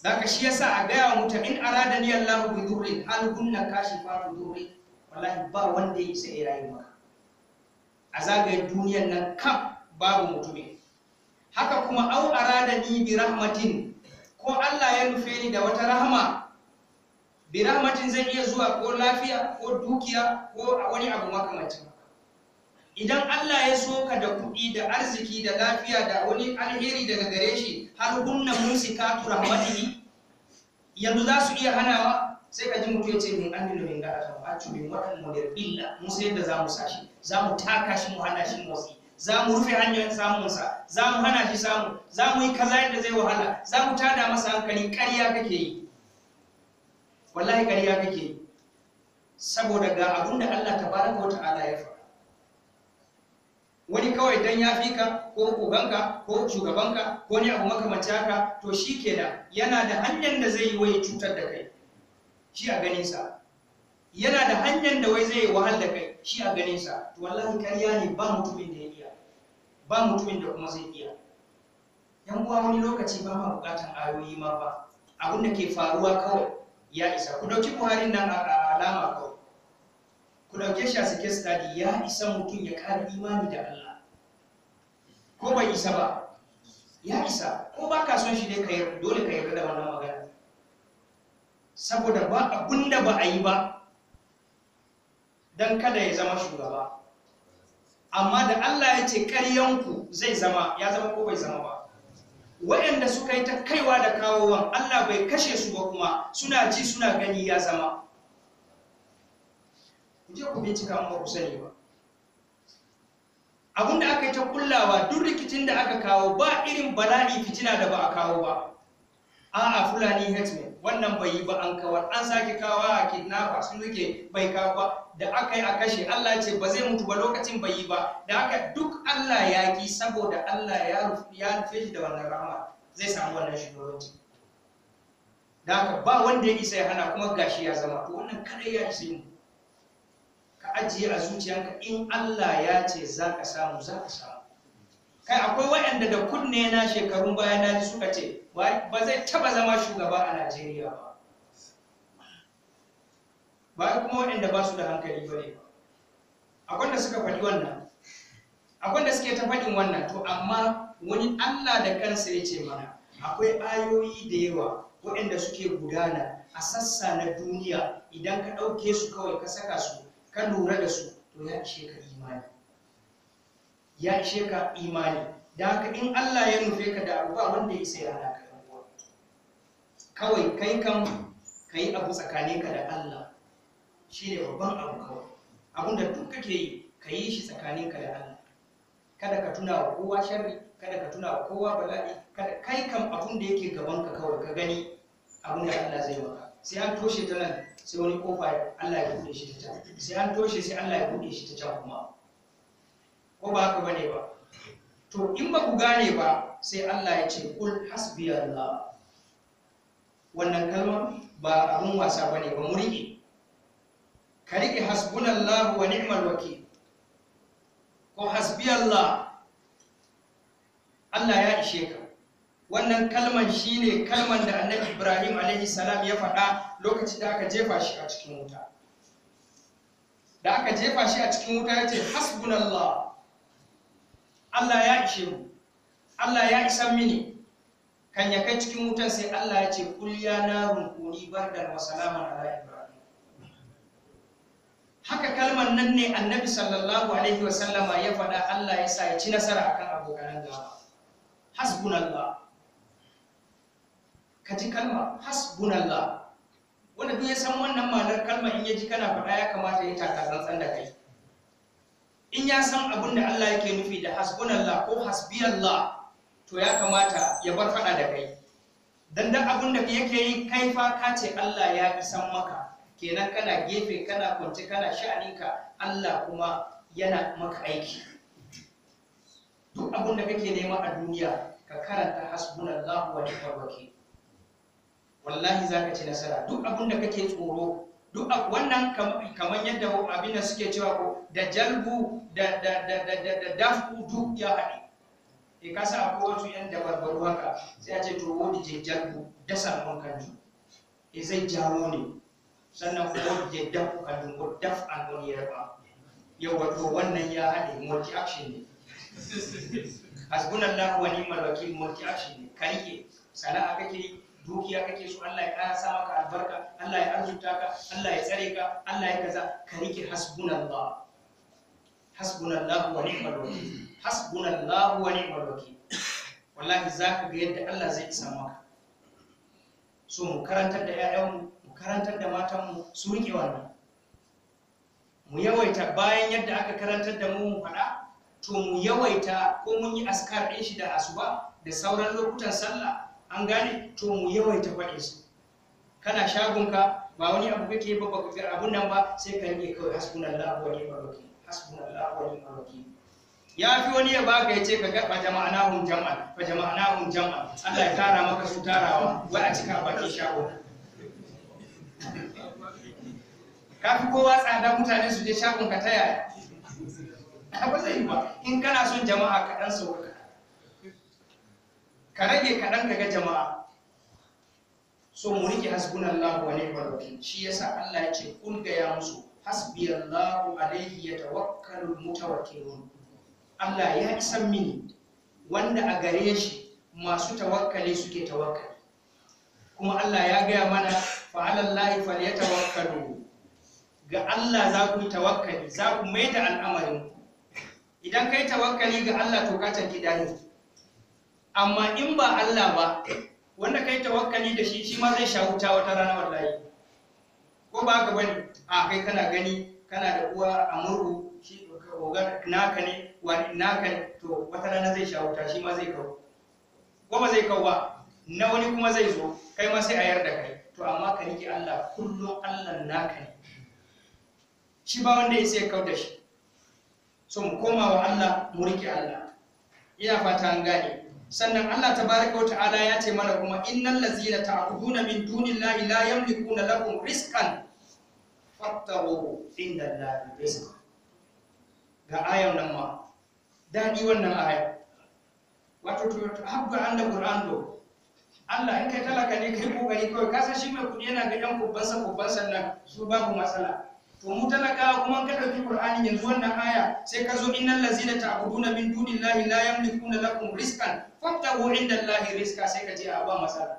zaka shi yasa a gaya wa mutane in arada ni Allah bi dhurri hal kunna kashifa dhurri wallahi ba wanda ya isa ya rayu maka a zagayen duniyar nan kam babu mutumin haka kuma au arada ni bi rahmatin ko Allah ya nufe ni da wata rahama bi rahmatin zan iya zuwa ko lafiya ko dukiya ko wani abu makamacin idan Allah ya so ka da kuɗi da arziki da lafiya da wani alheri daga gare shi har hunna munsikatu rahmatihi yanzu za su iya hanawa sai ka ji mutu ya ce min aminu min ga aka acu min wadan mudir billa mu sai da zamu sashi zamu taka shi mu hana shi motsi zamu rufe hanyar samun sa zamu hana shi samu zamu yi kaza yadda zai wahala zamu tada masa hankali ƙarya kake yi wallahi gariya kake saboda ga abun da Allah tabaraka wa ta'ala ya fa wani kawai dan ya fi ka ko koganka ko shugabanka ko ne abu makamanci ka, to shi kenan yana da hanyar da zai yi wai cutar da kai shi a ganin sa. yana da hanyar da wai zai yi wahal da kai shi a ganin sa. to wallahi karya ne ba mutumin da ya iya ba mutumin da kuma zai iya yan uwa wani lokaci ba ma bukatan ayoyi ma ba abin da ke faruwa kawai ya isa ku dauki buhari nan a alama ko ku dauke shi a study ya isa mutum ya kara imani da Allah ko bai isa ba ya isa ko ba ka son shi ne ka dole ka yarda da wannan magana saboda ba abun da ba a yi ba dan kada ya zama shugaba amma da Allah ya ce karyanku zai zama ya zama ko bai zama ba waɗanda suka yi ta kaiwa da kawowan Allah bai kashe su ba kuma suna ji suna gani ya zama je ku bincika amma ku sani ba abun da aka yi ta kullawa duk rikicin da aka kawo ba irin bala'i fitina da ba a kawo ba a'a fulani hetman wannan bai yi ba an kawar an sake kawa a kidnapper sun yake bai kawo ba da aka yi a kashe Allah ce ba zai mutu ba lokacin bai yi ba da aka duk Allah ya ki saboda Allah ya rufe shi da wannan rahama zai samu wannan shugabanci da haka ba wanda ya isa ya hana kuma gashi ya zama to wannan kada ya isa ka ajiye a zuciyanka in Allah ya ce za ka samu za ka samu kai akwai waɗanda da kunne na shekarun baya na ji suka ce ba zai taba zama shugaba a najeriya ba ba kuma waɗanda ba su da hankali ba ne akwai da suka faɗi wannan akwai da suke ta faɗin wannan to amma wani allah da kansa ya ce mana akwai ayoyi da yawa waɗanda suke gudana a sassa na duniya idan ka ɗauke su kawai ka saka su ka lura da su to ya ishe ya ce ka imani da haka in Allah ya nufe ka da abu ba wanda ya sai hana ka kawai kai kan ka yi abu tsakaninka da Allah shi ne babban abu kawai abinda duk kake yi ka yi shi tsakaninka da Allah kada ka tuna wa kowa sharri kada ka tuna wa kowa bala'i kada kai kan abun da yake gaban ka kawai ka gani abun da Allah zai maka sai an toshe ta nan sai wani kofa Allah ya bude shi ta can sai an toshe sai Allah ya bude shi ta can kuma ko ba haka bane ba to in ba ku gane ba sai Allah ya ce kul hasbi Allah wannan kalmar ba abun wasa bane ba mu rike ka rike hasbunallahu wa ni'mal wakil ko hasbi Allah Allah ya ishe ka wannan kalman shine kalman da Annabi Ibrahim alaihi salam ya faɗa lokacin da aka jefa shi a cikin wuta da aka jefa shi a cikin wuta ya ce hasbunallah Allah ya ishe mu Allah ya isan mini kan ya kai cikin wutan sai Allah ya ce kul ya narun kuni bardan wa salaman ala ibrahim haka kalmar nan ne annabi sallallahu alaihi wa sallama ya faɗa Allah ya sa ya ci nasara akan abokan gaba hasbunallah ka ji kalma hasbunallah wanda duk ya san wannan ma'anar kalma in ya ji kana faɗa ya kamata ya taka tsantsan da kai in ya san abin da Allah yake nufi da hasbunallah ko hasbiyallah to ya kamata ya bar fada da kai dan da abin da yake yi kai fa ka ce Allah ya san maka kenan kana gefe kana kwance kana sha'aninka Allah kuma yana maka aiki duk abin da kake nema a duniya ka karanta hasbunallah wa ni'mal wakil wallahi zaka ci nasara duk abin da kake tsoro duk wannan kamar yadda abin suke cewa ko da jalbu da da da dafku duk ya haɗe e eh, kasa akwai wasu yan dabarbaru haka sai a ce to wani je jalbu da samun kanju e zai jawo ne sannan ko wani je dafku kanju ko daf an wani ya ba. Yau to wannan ya haɗe multi action ne hasbunallahu wa ni'mal wakil multi action ne Kai ke, sana'a kake dukiya kake so Allah ya kara sa maka albarka Allah ya arzuta ka Allah ya tsare ka Allah ya kaza ka rike hasbunallah hasbunallah wa ni'mal wakil hasbunallah wa ni'mal wakil wallahi zaka ga yadda Allah zai isa maka so mu karantar da 'ya'yanmu mu karantar da matanmu su rike wannan mu yawaita bayan yadda aka karantar da mu mu faɗa to mu yawaita ko mun yi askar ɗin shi da asuba da sauran lokutan sallah an gane to mu yawaita faɗe su kana shagunka ba wani abu kake ba ba ka abun nan ba sai ka rike kawai hasbunallahu wa ni'mal wakil hasbunallahu wa ni'mal wakil ya fi wani ya baka ya ce ka ga fa jama'anahum jama'an fa jama'anahum jama'an Allah ya tara maka su tarawa wai a cika bakin shago ka fi kowa tsada mutane su je shagunka ka ta yaya ba zai yi ba in kana son jama'a ka dan sauka ka rage kaɗan ka ga jama'a so mu riƙe hasbunallahu wa ni'mal wakil shi yasa Allah ya ce kun ga ya musu hasbiyallahu alayhi yatawakkalu mutawakkilun Allah ya san mini wanda a gare shi masu tawakkali suke tawakkali kuma Allah ya gaya mana fa'alallahi falyatawakkalu ga Allah za ku yi tawakkali za ku maida al'amarin idan kai tawakkali ga Allah to ka tafi dahil amma in ba Allah ba wanda kai tawakkali da shi shi ma zai sha wuta wata rana wallahi ko ba ka bane a kai kana gani kana da uwa a murhu shi naka ne wani naka ne to wata rana zai sha wuta shi ma zai kawo ko ba zai kawo ba na wani kuma zai zo kai ma sai a yarda kai to amma ka rike Allah kullum Allah naka ne shi ba wanda ya sai kawo da shi so mu koma wa Allah mu rike Allah ina fata an gane sannan Allah tabaraka wa ta'ala ya ce mana kuma innal ladzina ta'buduna min dunillahi la yamlikuna lakum rizqan fattaru inda Allahi rizqa ga ayan nan ma dadi wannan ayan wato to habba anda qur'an do Allah in kai talaka ne kai kokari kawai ka shi mai kudi yana ga yan kubbansa kubbansa nan su babu matsala to mu talakawa kuma ka ɗauki qur'ani yanzu wannan aya sai ka zo innal lazina ta'buduna min dunillahi la yamlikuna lakum rizqan fabtahu indallahi rizqa sai ka ce a ba masala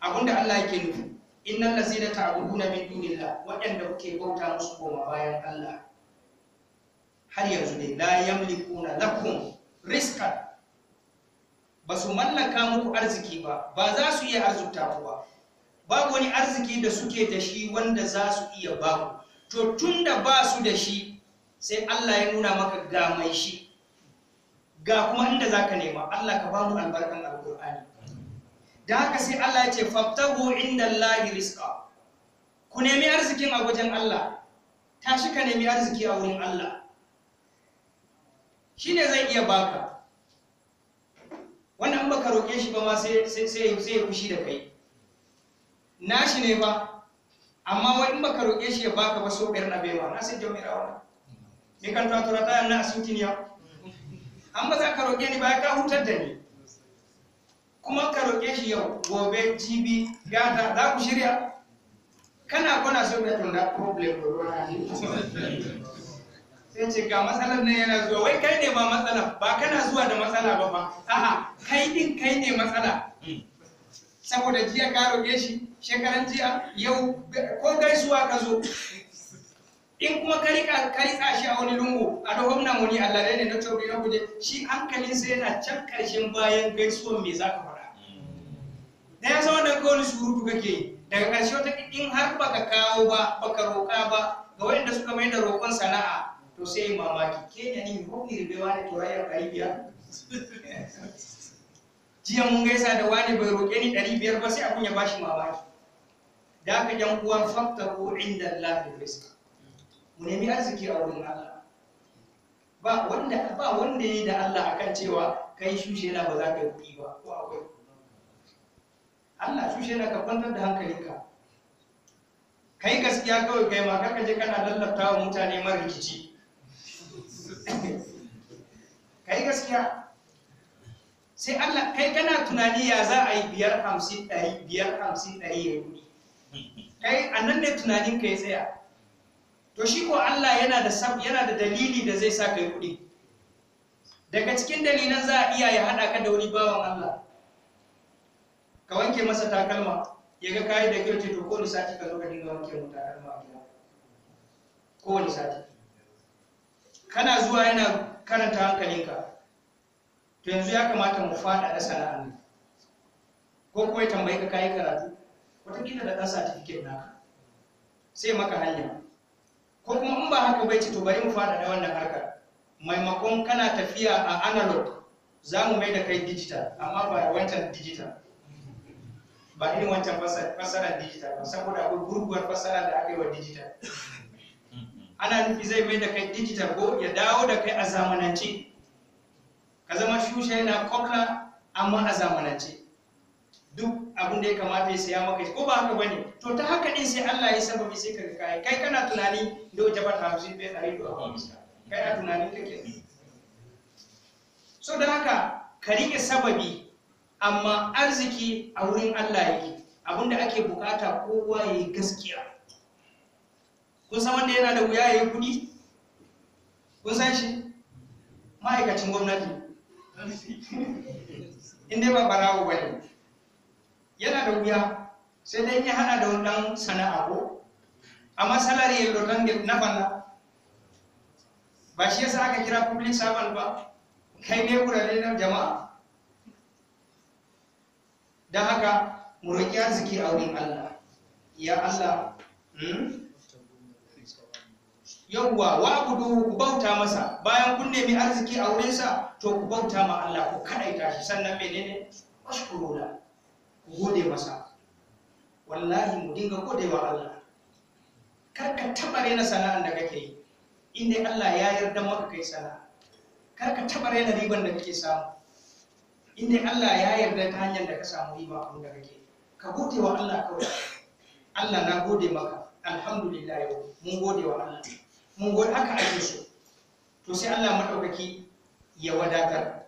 Abunda Allah yake nufi innal lazina ta'buduna min dunillah waɗanda kuke bauta musu koma bayan Allah har yanzu ne la yamlikuna lakum rizqan ba su mallaka muku arziki ba ba za su iya arzuta ku ba babu wani arziki da suke da shi wanda za su iya baku to tun da ba su da shi sai Allah ya nuna maka ga mai shi ga kuma inda za ka nema Allah ka ba mu albarkan alƙur'ani da haka sai Allah ya ce fabtahu inda Allahi rizqa ku nemi arzikin a wajen Allah tashi ka nemi arziki a wurin Allah shi ne zai iya baka wannan ba baka roƙe shi ba ma sai ya fushi da kai nashi ne ba amma wai in baka roƙe shi ya baka ba so biyar na baiwa na sai jami'a wa ne kan ta tura ta na asutin ya an ba za ka roƙe ni ba ka hutar da ni kuma ka roƙe shi yau gobe jibi gata za ku shirya kana kuna so biyar tunda problem ko sai ce ga matsalar nan yana zuwa wai kai ne ba matsala ba kana zuwa da matsala ba ba a'a kai din kai ne matsala saboda jiya ka roƙe shi shekaran jiya yau ko gaisuwa ka zo in kuma ka rika ka rika shi a wani lungu a da nan wani Allah ne na tobi na kuje shi hankalin sai yana can karshen bayan gaisuwan me zaka faɗa da ya zama daga wani surutu kake yi daga karshe wata in har baka kawo ba baka roƙa ba ga waɗanda suka mai da roƙon sana'a to sai mamaki kenya ni hobi ribewa da to karibiya jiya mun gaisa da wani bai roƙe ni ɗari biyar ba sai a kunya bashi mamaki da aka yan fakta ko inda Allah rizqa mu nemi arziki a wurin Allah ba wanda ba wanda yayi da Allah akan cewa kai shushe na ba za ka yi kuɗi ba ko akwai Allah shushe na ka kwantar da hankalinka kai gaskiya kawai kai ma kaka je kana lallabta wa mutane mara rikici *laughs* kai gaskiya sai Allah kai kana tunani ya za a yi biyar hamsin ɗari biyar hamsin ɗari ya yi kai a nan ne tunanin ka ya tsaya to shi ko Allah yana da yana da dalili da zai sa ka yi kuɗi daga cikin dalilan za a iya ya haɗa ka da wani bawan Allah ka wanke masa takalma ya ga kayi da kyau to kowane sati ka zo ka dinga wanke mu takalma a gida kowane sati kana zuwa yana karanta hankalinka to yanzu ya kamata mu da sana'a ne ko kuma ya tambayi ka kayi karatu wataƙila da ɗan certificate naka sai maka hanya ko kuma in ba haka bai ce to bari mu faɗaɗa wannan harkar maimakon kana tafiya a analog za mu mai da kai digital amma ba wancan digital ba irin wancan fasara digital ba saboda akwai gurguwar fasara da aka yi wa digital *laughs* ana nufi zai mai da kai digital ko ya dawo da kai a zamanance ka zama shusha yana kokra amma a zamanance duk abin da ya kamata ya saya maka ko ba haka bane to ta haka din sai Allah ya sababi sai kaga kai kai kana tunani da wata ba ta hamsin bai tsare da kai a tunanin kake so da haka ka rike sababi amma arziki a wurin Allah yake abinda ake bukata kowa ya yi gaskiya kun san wanda yana da wuya ya yi kuɗi kun san shi ma'aikacin gwamnati in dai ba barawo ba ne yana da wuya sai dai ya hana da wani sana'a ko amma salari yadda dan na fanna ba shi yasa aka kira public servant ba kai ne kurare na jama'a don haka mu roƙi arziki a wurin Allah ya Allah hmm? yawwa wa gudu ku bauta masa bayan kun nemi arziki a wurinsa to ku bauta ma Allah ku kadaita shi sannan menene ashkuru ku gode masa wallahi mu dinga godewa Allah kar ka taba rena sana'an da kake yi inda Allah ya yarda maka kai sana'a kar ka taba rena riban da kake samu inda Allah ya yarda ta hanyar da ka samu riba abin da kake ka gode wa Allah kawai Allah na gode maka alhamdulillah mun gode wa Allah mun gode haka ake so to sai Allah maɗaukaki ya wadatar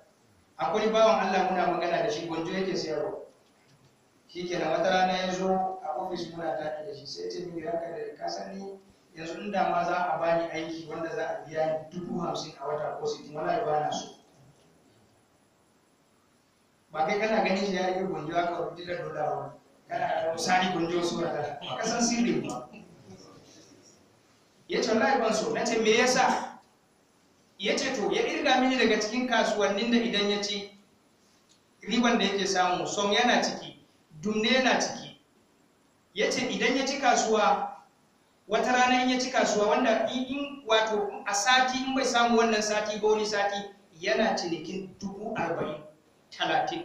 akwai bawan Allah muna magana da shi gwanjo yake sayarwa shi ke nan wata rana ya zo a ofis muna tafi da shi sai ce mini haka da ka sani yanzu in da ma za a bani aiki wanda za a biya ni dubu hamsin a wata ko sittin wala ya bana so ba kai kana ganin shi ya rike gwanjo aka rubuta da dola wani kana da misali gwanjo su wata ka san sirri ba ya ce wallahi ban so na ce me yasa ya ce to ya irga mini daga cikin kasuwannin da idan ya ci riban da yake samu son yana ciki dumne yana ciki ya ce idan ya ci kasuwa wata rana in ya ci kasuwa wanda in wato a sati in bai samu wannan sati ba wani sati yana cinikin dubu arba'in talatin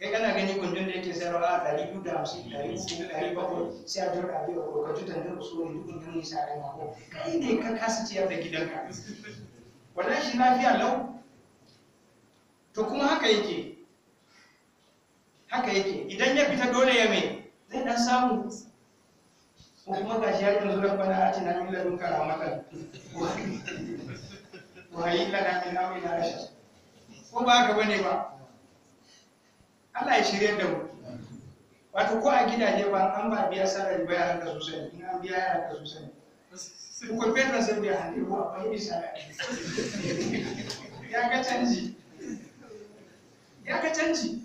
kai kana gani kundin da yake sayarwa a ɗari biyu da hamsin ɗari uku ɗari bako sai a jirga biyu ko ka ji tantar usu ne duk kundin nisa a rana ko kai ne ka kasa ciyar da gidanka wannan shi lafiya lau to kuma haka yake haka yake idan ya fita dole ya mai zai dan samu ko kuma ga shi yanzu zura bana a cikin min ladun karamatan wa hayyina na min amina rashin ko ba haka bane ba Allah ya shirya da mu wato ko a gidaje ba an ba biya sarari ba yaran ka sosai in an biya yaran ka sosai in ko fetra sai biya hannu ko a fahimci sarari ya ga canji ya ga canji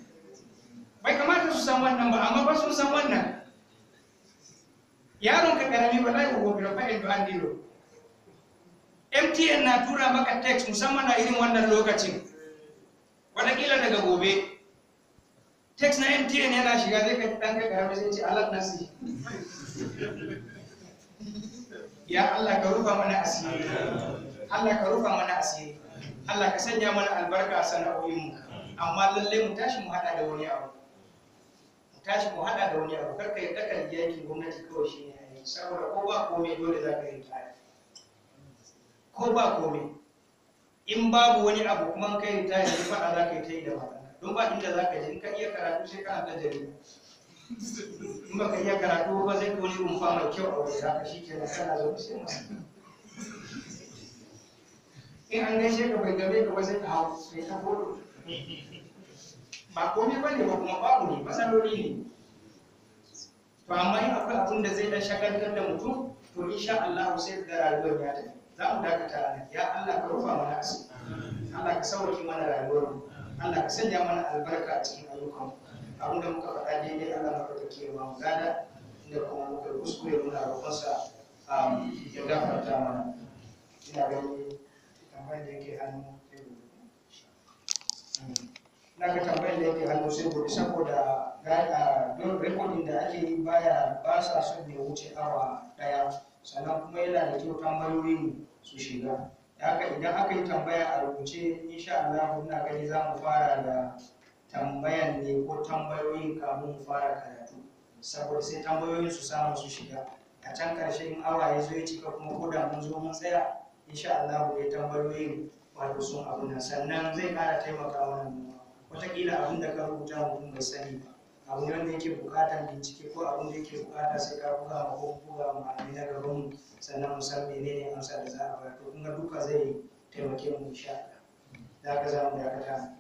bai kamata su san wannan ba amma ba su san wannan yaron ka karami ba lai ko bira fa'in do andiro MTN na tura maka text musamman a irin wannan lokacin wataƙila daga gobe text na mtn yana shiga zai kai dan kai karamin sai ce allah nasi ya allah ka rufa mana asiri allah ka rufa mana asiri allah ka sanya mana albarka a sana'o'inmu amma lallai mu tashi mu hada da wani abu mu tashi mu hada da wani abu kar ka ka riga yaki gwamnati kawai shi ne saboda ko ba komai dole za ka yi tare ko ba komai in babu wani abu kuma kai ta yi faɗa za ka yi ta yi da ba don ba inda za ka je in ka iya karatu sai ka haɗa jari in ba ka iya karatu ba zai ka wani rumfa mai kyau a wuri haka shi ke na sana zaune sai in an gaishe ka bai game ka ba sai ka hau sai ka bolo ba komai ba ne ba kuma babu ne matsaloli ne to amma in akwai abin da zai dan shagaltar da mutum to insha Allah sai da rayuwar ya tafi za mu dakata a ya Allah ka rufa mana asiri Allah ka sauke mana rayuwar mu Allah ka sanya mana albarka a cikin ayyukan abin da muka faɗa daidai Allah na faɗa ke mu gada da kuma muka kuskure muna roƙonsa um, ya gafarta mana ina gani tambayar da yake hannu na ga tambayar da yake hannu sai gobe saboda don rikodin da ake yi baya ba sa son ya wuce awa ɗaya sannan kuma yana da kyau tambayoyin su shiga haka idan aka yi tambaya a rubuce insha Allah muna gani za mu fara da tambayan ne ko tambayoyin kamun mu fara karatu saboda sai tambayoyin su samu su shiga a can karshe in awa ya zo ya cika kuma ko da mun zo mun tsaya insha Allah ya tambayoyin wato sun abu nan sannan zai ƙara taimaka mana wataƙila abin da ka rubuta mutum bai sani ba abu wanda yake bukatar bincike ko abin da yake bukata sai ka buga ma ko buga ma malamai na gaban mu sannan mu san amsa da za a bayar to kun duka zai taimake mu insha za ka za mu dakata